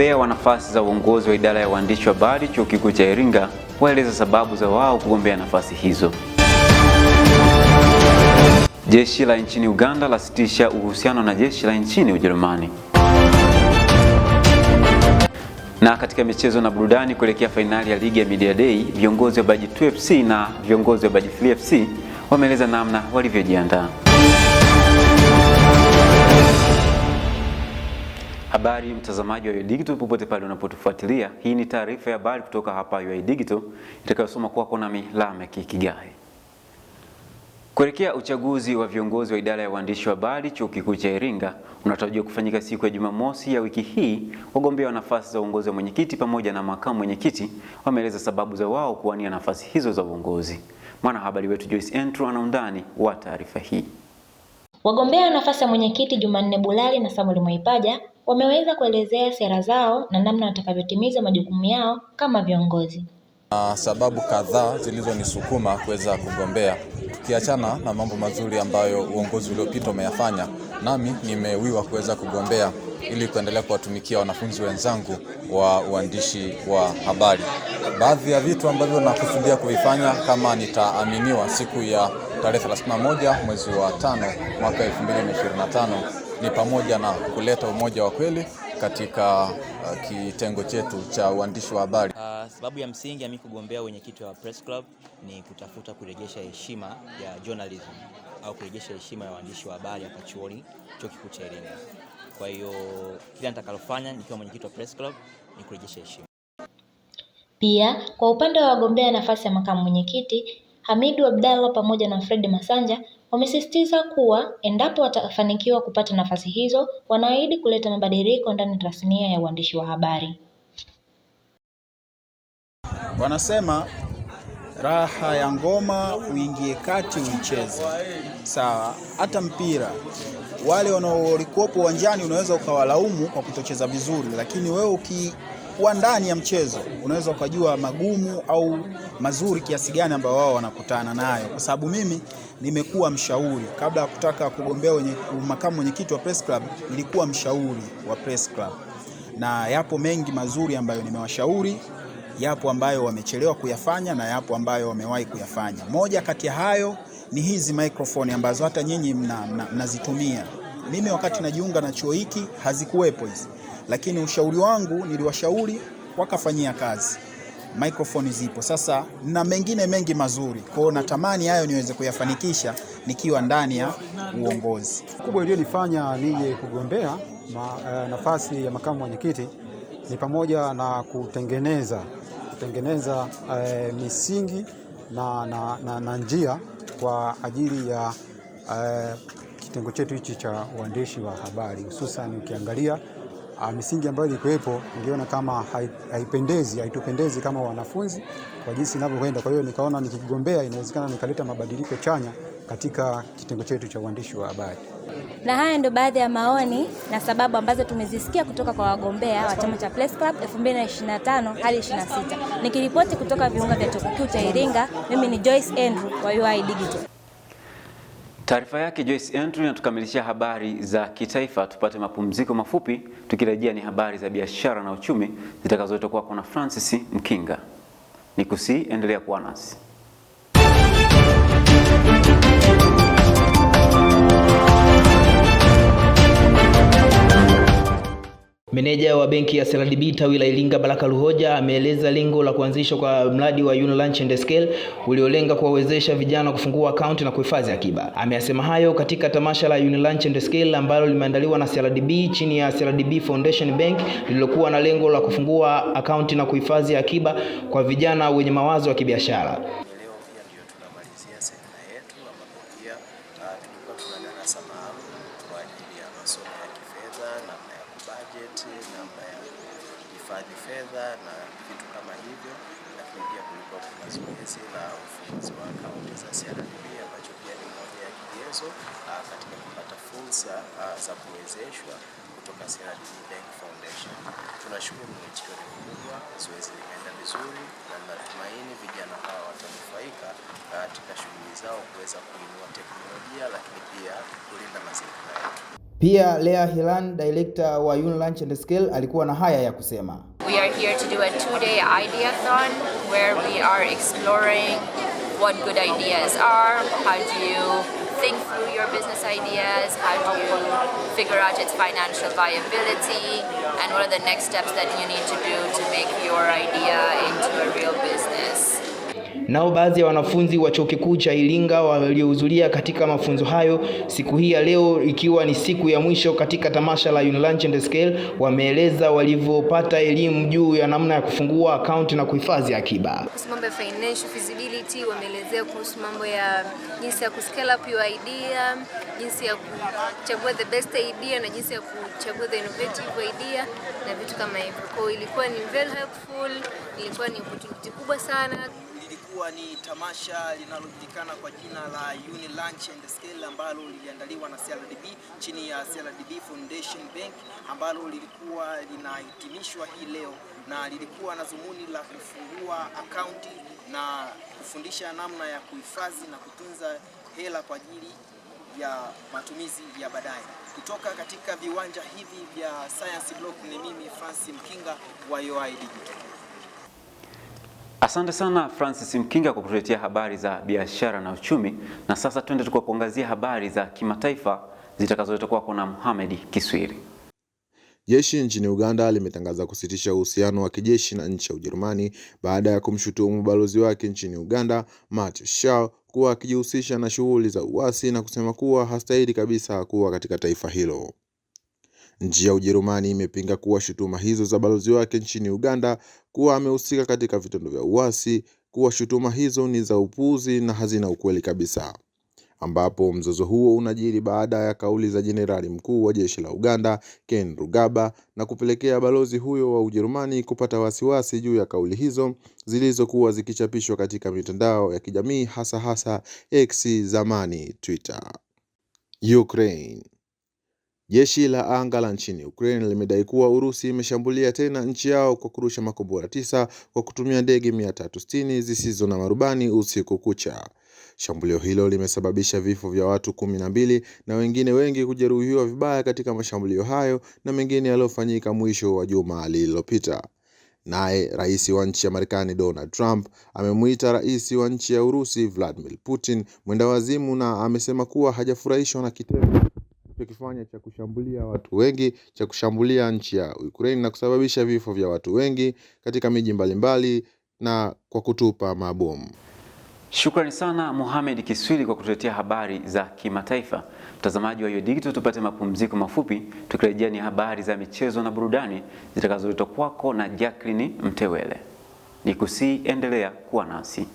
Wagombea wa nafasi za uongozi wa idara ya uandishi wa habari Chuo Kikuu cha Iringa waeleza sababu za wao kugombea nafasi hizo. Jeshi la nchini Uganda lasitisha uhusiano na jeshi la nchini Ujerumani. Na katika michezo na burudani, kuelekea fainali ya ligi ya Media Day, viongozi wa Baji 2 FC na viongozi wa Baji 3 FC wameeleza namna walivyojiandaa. Habari mtazamaji wa UoI Digital popote pale unapotufuatilia, hii ni taarifa ya habari kutoka hapa UoI Digital itakayosoma kwako nami Lameck Kigahe. Kuelekea uchaguzi wa viongozi wa idara ya uandishi wa habari Chuo Kikuu cha Iringa unatarajiwa kufanyika siku ya Jumamosi ya wiki hii, wagombea wa nafasi za uongozi wa mwenyekiti pamoja na makamu mwenyekiti wameeleza sababu za wao kuwania nafasi hizo za uongozi. Mwanahabari wetu Joyce Entro ana undani wa taarifa hii. Wagombea wa nafasi ya mwenyekiti Jumanne Bulali na Samuel Mwaipaja Wameweza kuelezea sera zao na namna watakavyotimiza majukumu yao kama viongozi. Uh, sababu kadhaa zilizonisukuma kuweza kugombea, tukiachana na mambo mazuri ambayo uongozi uliopita umeyafanya, nami nimewiwa kuweza kugombea ili kuendelea kuwatumikia wanafunzi wenzangu wa uandishi wa habari. Baadhi ya vitu ambavyo nakusudia kuvifanya kama nitaaminiwa siku ya tarehe 31 mwezi wa tano mwaka 2025 ni pamoja na kuleta umoja wa kweli katika uh, kitengo chetu cha uandishi wa habari. Uh, sababu ya msingi ya mimi kugombea wenyekiti wa Press Club ni kutafuta kurejesha heshima ya journalism au kurejesha heshima ya waandishi wa habari hapa chuoni, chuo kikuu cha Iringa. Kwa hiyo kila nitakalofanya nikiwa mwenyekiti wa Press Club ni kurejesha heshima. Pia kwa upande wa wagombea nafasi ya makamu mwenyekiti, Hamidu Abdalla pamoja na Fred Masanja Wamesisitiza kuwa endapo watafanikiwa kupata nafasi hizo wanaahidi kuleta mabadiliko ndani ya tasnia ya uandishi wa habari. Wanasema raha ya ngoma uingie kati uicheze. Sawa, hata mpira wale wanaolikuwepo uwanjani unaweza ukawalaumu kwa kutocheza vizuri, lakini wewe uki wa ndani ya mchezo unaweza ukajua magumu au mazuri kiasi gani ambayo wao wanakutana nayo, kwa sababu mimi nimekuwa mshauri kabla ya kutaka kugombea wenye, makamu mwenyekiti wa Press Club, nilikuwa mshauri wa Press Club, na yapo mengi mazuri ambayo nimewashauri, yapo ambayo wamechelewa kuyafanya na yapo ambayo wamewahi kuyafanya. Moja kati ya hayo ni hizi microphone ambazo hata nyinyi mnazitumia mna, mna mimi wakati najiunga na chuo hiki hazikuwepo hizi lakini ushauri wangu niliwashauri wakafanyia kazi. Microphone zipo sasa na mengine mengi mazuri. kwao, natamani hayo niweze kuyafanikisha nikiwa ndani ya uongozi. Kubwa iliyonifanya nije kugombea ma, eh, nafasi ya makamu mwenyekiti ni pamoja na kutengeneza kutengeneza eh, misingi na, na, na, na njia kwa ajili ya eh, kitengo chetu hichi cha uandishi wa habari hususan ukiangalia uh, misingi ambayo ilikuwepo niliona kama haipendezi, haitupendezi kama wanafunzi kwa jinsi inavyokwenda. Kwa hiyo nikaona nikigombea, inawezekana nikaleta mabadiliko chanya katika kitengo chetu cha uandishi wa habari. Na haya ndio baadhi ya maoni na sababu ambazo tumezisikia kutoka kwa wagombea wa chama cha Press Club 2025 hadi 26. Nikiripoti kutoka viunga vya chuo kikuu cha Iringa, mimi ni Joyce Andrew wa UoI Digital. Taarifa yake Joyce Andrew inatukamilishia habari za kitaifa. Tupate mapumziko mafupi, tukirejea ni habari za biashara na uchumi zitakazoletwa kwako na Francis Mkinga. Nikusihi endelea kuwa nasi. Meneja wa benki ya CRDB tawi la Iringa Baraka Luhoja ameeleza lengo la kuanzishwa kwa mradi wa Uni Launch and Scale uliolenga kuwawezesha vijana kufungua akaunti na kuhifadhi akiba. Ameyasema hayo katika tamasha la Uni Launch and Scale ambalo limeandaliwa na CRDB chini ya CRDB Foundation Bank lililokuwa na lengo la kufungua akaunti na kuhifadhi akiba kwa vijana wenye mawazo ya kibiashara. Ah, darasa maalum kwa ajili ya masomo ya kifedha na budget, namna ya hifadhi fedha na vitu kama hivyo, lakini pia kulikuwa kuna zoezi la ufunguzi wa akaunti za CRDB ambacho pia ni moja ya kigezo ah, katika kupata fursa ah, za kuwezeshwa kutoka CRDB Bank Foundation. Tunashukuru mwitikio ni mkubwa, zoezi limeenda vizuri na natumaini vijana hawa watanufaika ah, katika shughuli zao kuweza kuinua teknolojia, lakini pia kulinda mazingira yetu. Pia Lea Hilan, director wa Unlunch and Scale, alikuwa na haya ya kusema. We are here to do a two-day ideathon where we are exploring what good ideas are, how do you think through your business ideas, how do you figure out its financial viability, and what are the next steps that you need to do to make your idea into a real business. Nao baadhi ya wanafunzi wa Chuo Kikuu cha Iringa waliohudhuria katika mafunzo hayo siku hii ya leo, ikiwa ni siku ya mwisho katika tamasha la Unilaunch and Scale, wameeleza walivyopata elimu juu ya namna ya kufungua akaunti na kuhifadhi akiba. Mambo ya financial feasibility, wameelezea kuhusu mambo ya jinsi ya kuscale up your idea, jinsi ya kuchagua the best idea na jinsi ya kuchagua the innovative idea na vitu kama hivyo. Kwa hiyo ilikuwa ni very helpful, ilikuwa ni opportunity kubwa sana ilikuwa ni tamasha linalojulikana kwa jina la Uni Lunch and Scale ambalo liliandaliwa na CRDB chini ya CRDB Foundation Bank ambalo lilikuwa linahitimishwa hii leo na lilikuwa na dhumuni la kufungua akaunti na kufundisha namna ya kuhifadhi na kutunza hela kwa ajili ya matumizi ya baadaye. Kutoka katika viwanja hivi vya Science Block ni mimi Francis Mkinga wa UoI Digital. Asante sana Francis Mkinga kwa kutuletea habari za biashara na uchumi, na sasa twende tukakuangazia habari za kimataifa zitakazoletwa kwako na Mohamed Kiswiri. Jeshi nchini Uganda limetangaza kusitisha uhusiano wa kijeshi na nchi ya Ujerumani baada ya kumshutumu balozi wake nchini Uganda, Matthew Shaw kuwa akijihusisha na shughuli za uasi na kusema kuwa hastahili kabisa kuwa katika taifa hilo. Nchi ya Ujerumani imepinga kuwa shutuma hizo za balozi wake nchini Uganda kuwa amehusika katika vitendo vya uasi kuwa shutuma hizo ni za upuzi na hazina ukweli kabisa, ambapo mzozo huo unajiri baada ya kauli za jenerali mkuu wa jeshi la Uganda Ken Rugaba na kupelekea balozi huyo wa Ujerumani kupata wasiwasi juu ya kauli hizo zilizokuwa zikichapishwa katika mitandao ya kijamii hasa hasa X zamani Twitter. Ukraine Jeshi la anga la nchini Ukraine limedai kuwa Urusi imeshambulia tena nchi yao kwa kurusha makombora tisa kwa kutumia ndege 360 zisizo na marubani usiku kucha. Shambulio hilo limesababisha vifo vya watu kumi na mbili na wengine wengi kujeruhiwa vibaya katika mashambulio hayo na mengine yaliyofanyika mwisho wa juma lililopita. Naye rais wa nchi ya Marekani Donald Trump amemwita rais wa nchi ya Urusi Vladimir Putin mwendawazimu na amesema kuwa hajafurahishwa na kitendo kifanya cha kushambulia watu wengi, cha kushambulia nchi ya Ukraine na kusababisha vifo vya watu wengi katika miji mbalimbali na kwa kutupa mabomu. Shukrani sana Mohamed Kiswili kwa kutuletea habari za kimataifa. Mtazamaji wa UoI Digital, tupate mapumziko mafupi, tukirejea ni habari za michezo na burudani zitakazoletwa kwako na Jacqueline Mtewele. Nikusihi endelea kuwa nasi.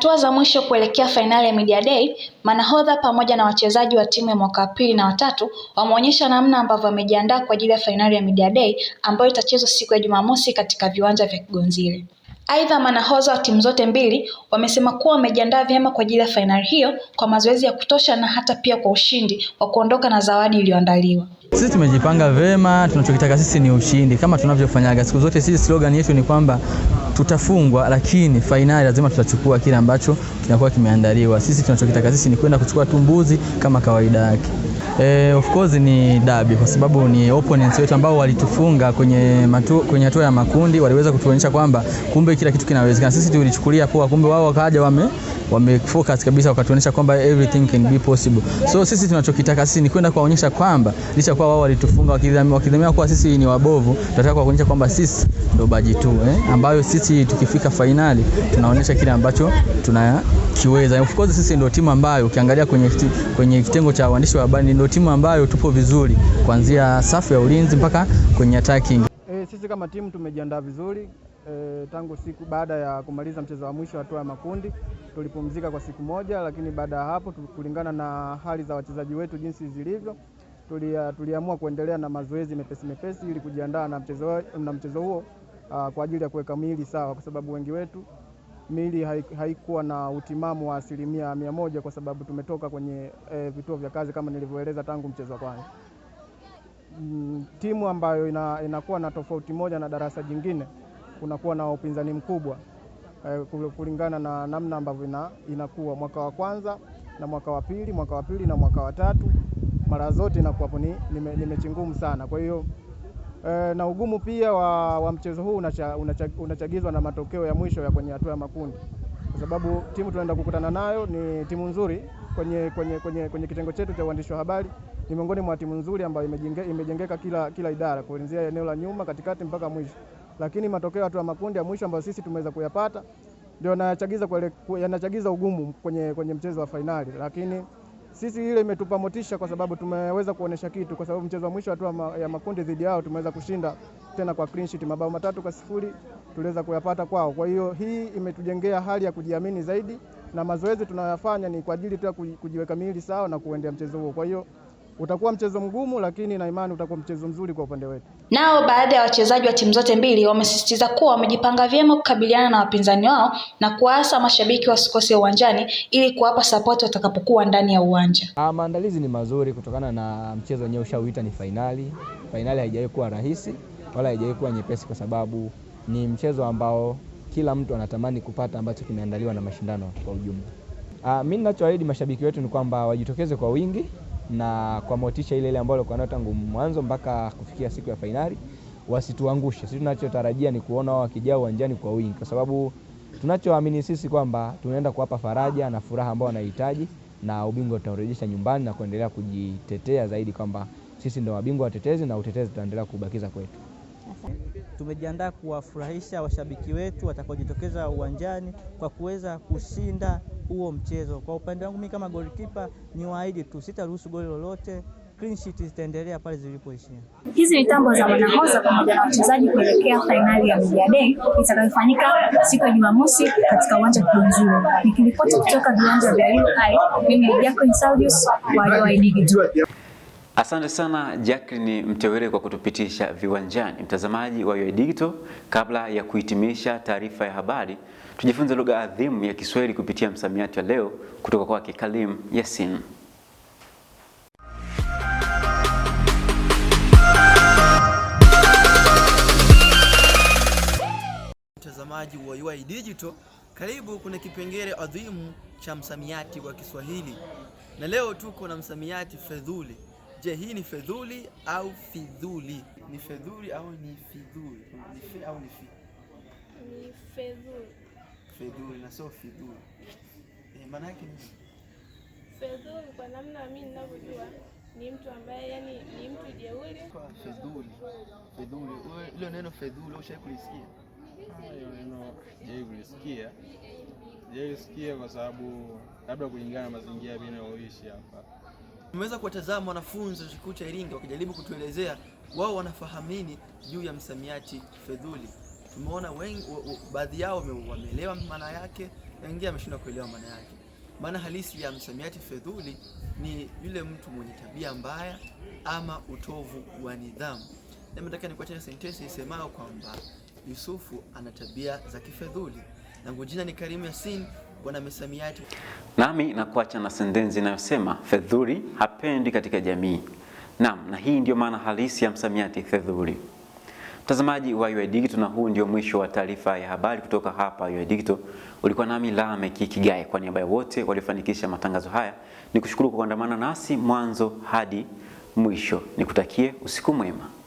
Hatua za mwisho kuelekea fainali ya Media Day, manahodha pamoja na wachezaji wa timu ya mwaka wa pili na watatu wameonyesha namna ambavyo wamejiandaa kwa ajili ya fainali ya Media Day ambayo itachezwa siku ya Jumamosi katika viwanja vya Kigonzile. Aidha, manahoza wa timu zote mbili wamesema kuwa wamejiandaa vyema kwa ajili ya fainali hiyo kwa mazoezi ya kutosha na hata pia kwa ushindi wa kuondoka na zawadi iliyoandaliwa. Sisi tumejipanga vyema, tunachokitaka sisi ni ushindi kama tunavyofanyaga siku zote. Sisi slogan yetu ni kwamba tutafungwa, lakini fainali lazima tutachukua kile ambacho kinakuwa kimeandaliwa. Sisi tunachokitaka sisi ni kwenda kuchukua tumbuzi kama kawaida yake. Eh, of course ni dabi kwa sababu ni opponents wetu ambao walitufunga kwenye matu, kwenye hatua ya makundi, waliweza kutuonyesha kwamba kumbe kila kitu kinawezekana. Sisi tulichukulia poa, kumbe wao wakaja wame wame focus kabisa, wakatuonyesha kwamba everything can be possible. So sisi tunachokitaka sisi ni kwenda kuwaonyesha kwamba licha kwa wao walitufunga, wakidhamia kuwa sisi ni wabovu, tunataka kuwaonyesha kwamba sisi ndo baji tu eh, ambayo sisi tukifika fainali tunaonyesha kile ambacho tunakiweza. Of course sisi ndio timu ambayo ukiangalia kwenye kwenye kitengo cha waandishi wa habari ndio timu ambayo tupo vizuri kuanzia safu ya ulinzi mpaka kwenye attacking. E, sisi kama timu tumejiandaa vizuri e, tangu siku baada ya kumaliza mchezo wa mwisho hatua ya makundi tulipumzika kwa siku moja, lakini baada ya hapo kulingana na hali za wachezaji wetu jinsi zilivyo tulia, tuliamua kuendelea na mazoezi mepesi mepesi ili kujiandaa na mchezo, na mchezo huo a, ah, kwa ajili ya kuweka mwili sawa kwa sababu wengi wetu mili haikuwa na utimamu wa asilimia mia moja kwa sababu tumetoka kwenye e, vituo vya kazi kama nilivyoeleza tangu mchezo wa kwanza. Mm, timu ambayo ina, inakuwa na tofauti moja na darasa jingine kunakuwa na upinzani mkubwa e, kulingana na namna ambavyo ina, inakuwa mwaka wa kwanza na mwaka wa pili, mwaka wa pili na mwaka wa tatu, mara zote inakuwapo ni, ni, ni mechi ngumu sana, kwa hiyo e, na ugumu pia wa, wa mchezo huu unacha, unacha, unachagizwa na matokeo ya mwisho ya kwenye hatua ya makundi, kwa sababu timu tunaenda kukutana nayo ni timu nzuri kwenye, kwenye, kwenye, kwenye kitengo chetu cha uandishi wa habari ni miongoni mwa timu nzuri ambayo imejenge, imejengeka kila, kila idara kuanzia eneo la nyuma katikati mpaka mwisho, lakini matokeo ya hatua ya makundi ya mwisho ambayo sisi tumeweza kuyapata ndio yanachagiza ugumu kwenye, kwenye mchezo wa fainali lakini sisi ile imetupa motisha kwa sababu tumeweza kuonesha kitu, kwa sababu mchezo wa mwisho hatua ya makundi dhidi yao tumeweza kushinda tena kwa clean sheet, mabao matatu kwa sifuri tuliweza kuyapata kwao. Kwa hiyo hii imetujengea hali ya kujiamini zaidi, na mazoezi tunayoyafanya ni kwa ajili tu ya kujiweka miili sawa na kuendea mchezo huo. Kwa hiyo utakuwa mchezo mgumu, lakini na imani utakuwa mchezo mzuri kwa upande wetu. Nao baadhi ya wachezaji wa timu zote mbili wamesisitiza kuwa wamejipanga vyema kukabiliana na wapinzani wao na kuwaasa mashabiki wasikose uwanjani ili kuwapa sapoti watakapokuwa ndani ya uwanja. Ah, maandalizi ni mazuri kutokana na mchezo wenyewe ushauita ni fainali. Fainali haijawahi kuwa rahisi wala haijawahi kuwa nyepesi, kwa sababu ni mchezo ambao kila mtu anatamani kupata ambacho kimeandaliwa na mashindano kwa ujumla. Mimi ah, ninachoahidi mashabiki wetu ni kwamba wajitokeze kwa wingi na kwa motisha ile ile ambayo walikuwa nayo tangu mwanzo mpaka kufikia siku ya fainali, wasituangushe. Sisi tunachotarajia ni kuona wao wakijaa uwanjani kwa wingi, kwa sababu tunachoamini sisi kwamba tunaenda kuwapa faraja na furaha ambao wanahitaji, na ubingwa tutaurejesha nyumbani na kuendelea kujitetea zaidi kwamba sisi ndio mabingwa watetezi na utetezi tutaendelea kubakiza kwetu. Tumejiandaa kuwafurahisha washabiki wetu watakaojitokeza uwanjani kwa kuweza kushinda huo mchezo. Kwa upande wangu mimi kama goalkeeper ni waahidi tu sitaruhusu goli lolote. Clean sheet zitaendelea pale zilipoishia. Hizi ni tambo za wanahoza pamoja na wachezaji kuelekea fainali ya Media Day itakayofanyika siku ya Jumamosi katika uwanja wa Kiunjuru. Nikiripoti kutoka viwanja vya UI, mimi ni Jacqueline Saudius wa UoI Digital. Asante sana Jacqueline Mtewere kwa kutupitisha viwanjani. Mtazamaji wa UoI Digital, kabla ya kuhitimisha taarifa ya habari, tujifunze lugha adhimu ya Kiswahili kupitia msamiati wa leo kutoka kwake Kalim Yasin. Mtazamaji wa UoI Digital, karibu kuna kipengele adhimu cha msamiati wa Kiswahili, na leo tuko na msamiati fedhuli Je, hii ni fedhuli au fidhuli? Ni fedhuli au ni fidhuli? Ni fe au ni fi? Ni fedhuli. Fedhuli na sio fidhuli. Eh, maana yake ni Fedhuli kwa namna mimi ninavyojua ni mtu ambaye yani ni mtu jeuri. Kwa fedhuli. Fedhuli. Ile neno fedhuli ushawahi kulisikia? Hayo ah, neno je, kulisikia? Je, kulisikia kwa sababu labda kulingana na mazingira mimi ninayoishi hapa. Tumeweza kuwatazama wanafunzi wa chuo kikuu cha Iringa wakijaribu kutuelezea wao wanafahamini juu ya msamiati fedhuli. Tumeona wengi, baadhi yao wameelewa maana yake, wengine wameshindwa kuelewa maana yake. Maana halisi ya msamiati fedhuli ni yule mtu mwenye tabia mbaya ama utovu wa nidhamu. Nataka nikuachie sentensi isemayo kwamba Yusufu ana tabia za kifedhuli. Langu jina ni Karimu Yasin wana misamiati. Nami nakuacha na sentensi inayosema fedhuri hapendi katika jamii. Naam, na hii ndiyo maana halisi ya msamiati fedhuri Mtazamaji wa UoI Digital, na huu ndio mwisho wa taarifa ya habari kutoka hapa UoI Digital. Ulikuwa nami Lame Kigae, kwa niaba ya wote waliofanikisha matangazo haya, ni kushukuru kwa kuandamana nasi mwanzo hadi mwisho. Nikutakie usiku mwema.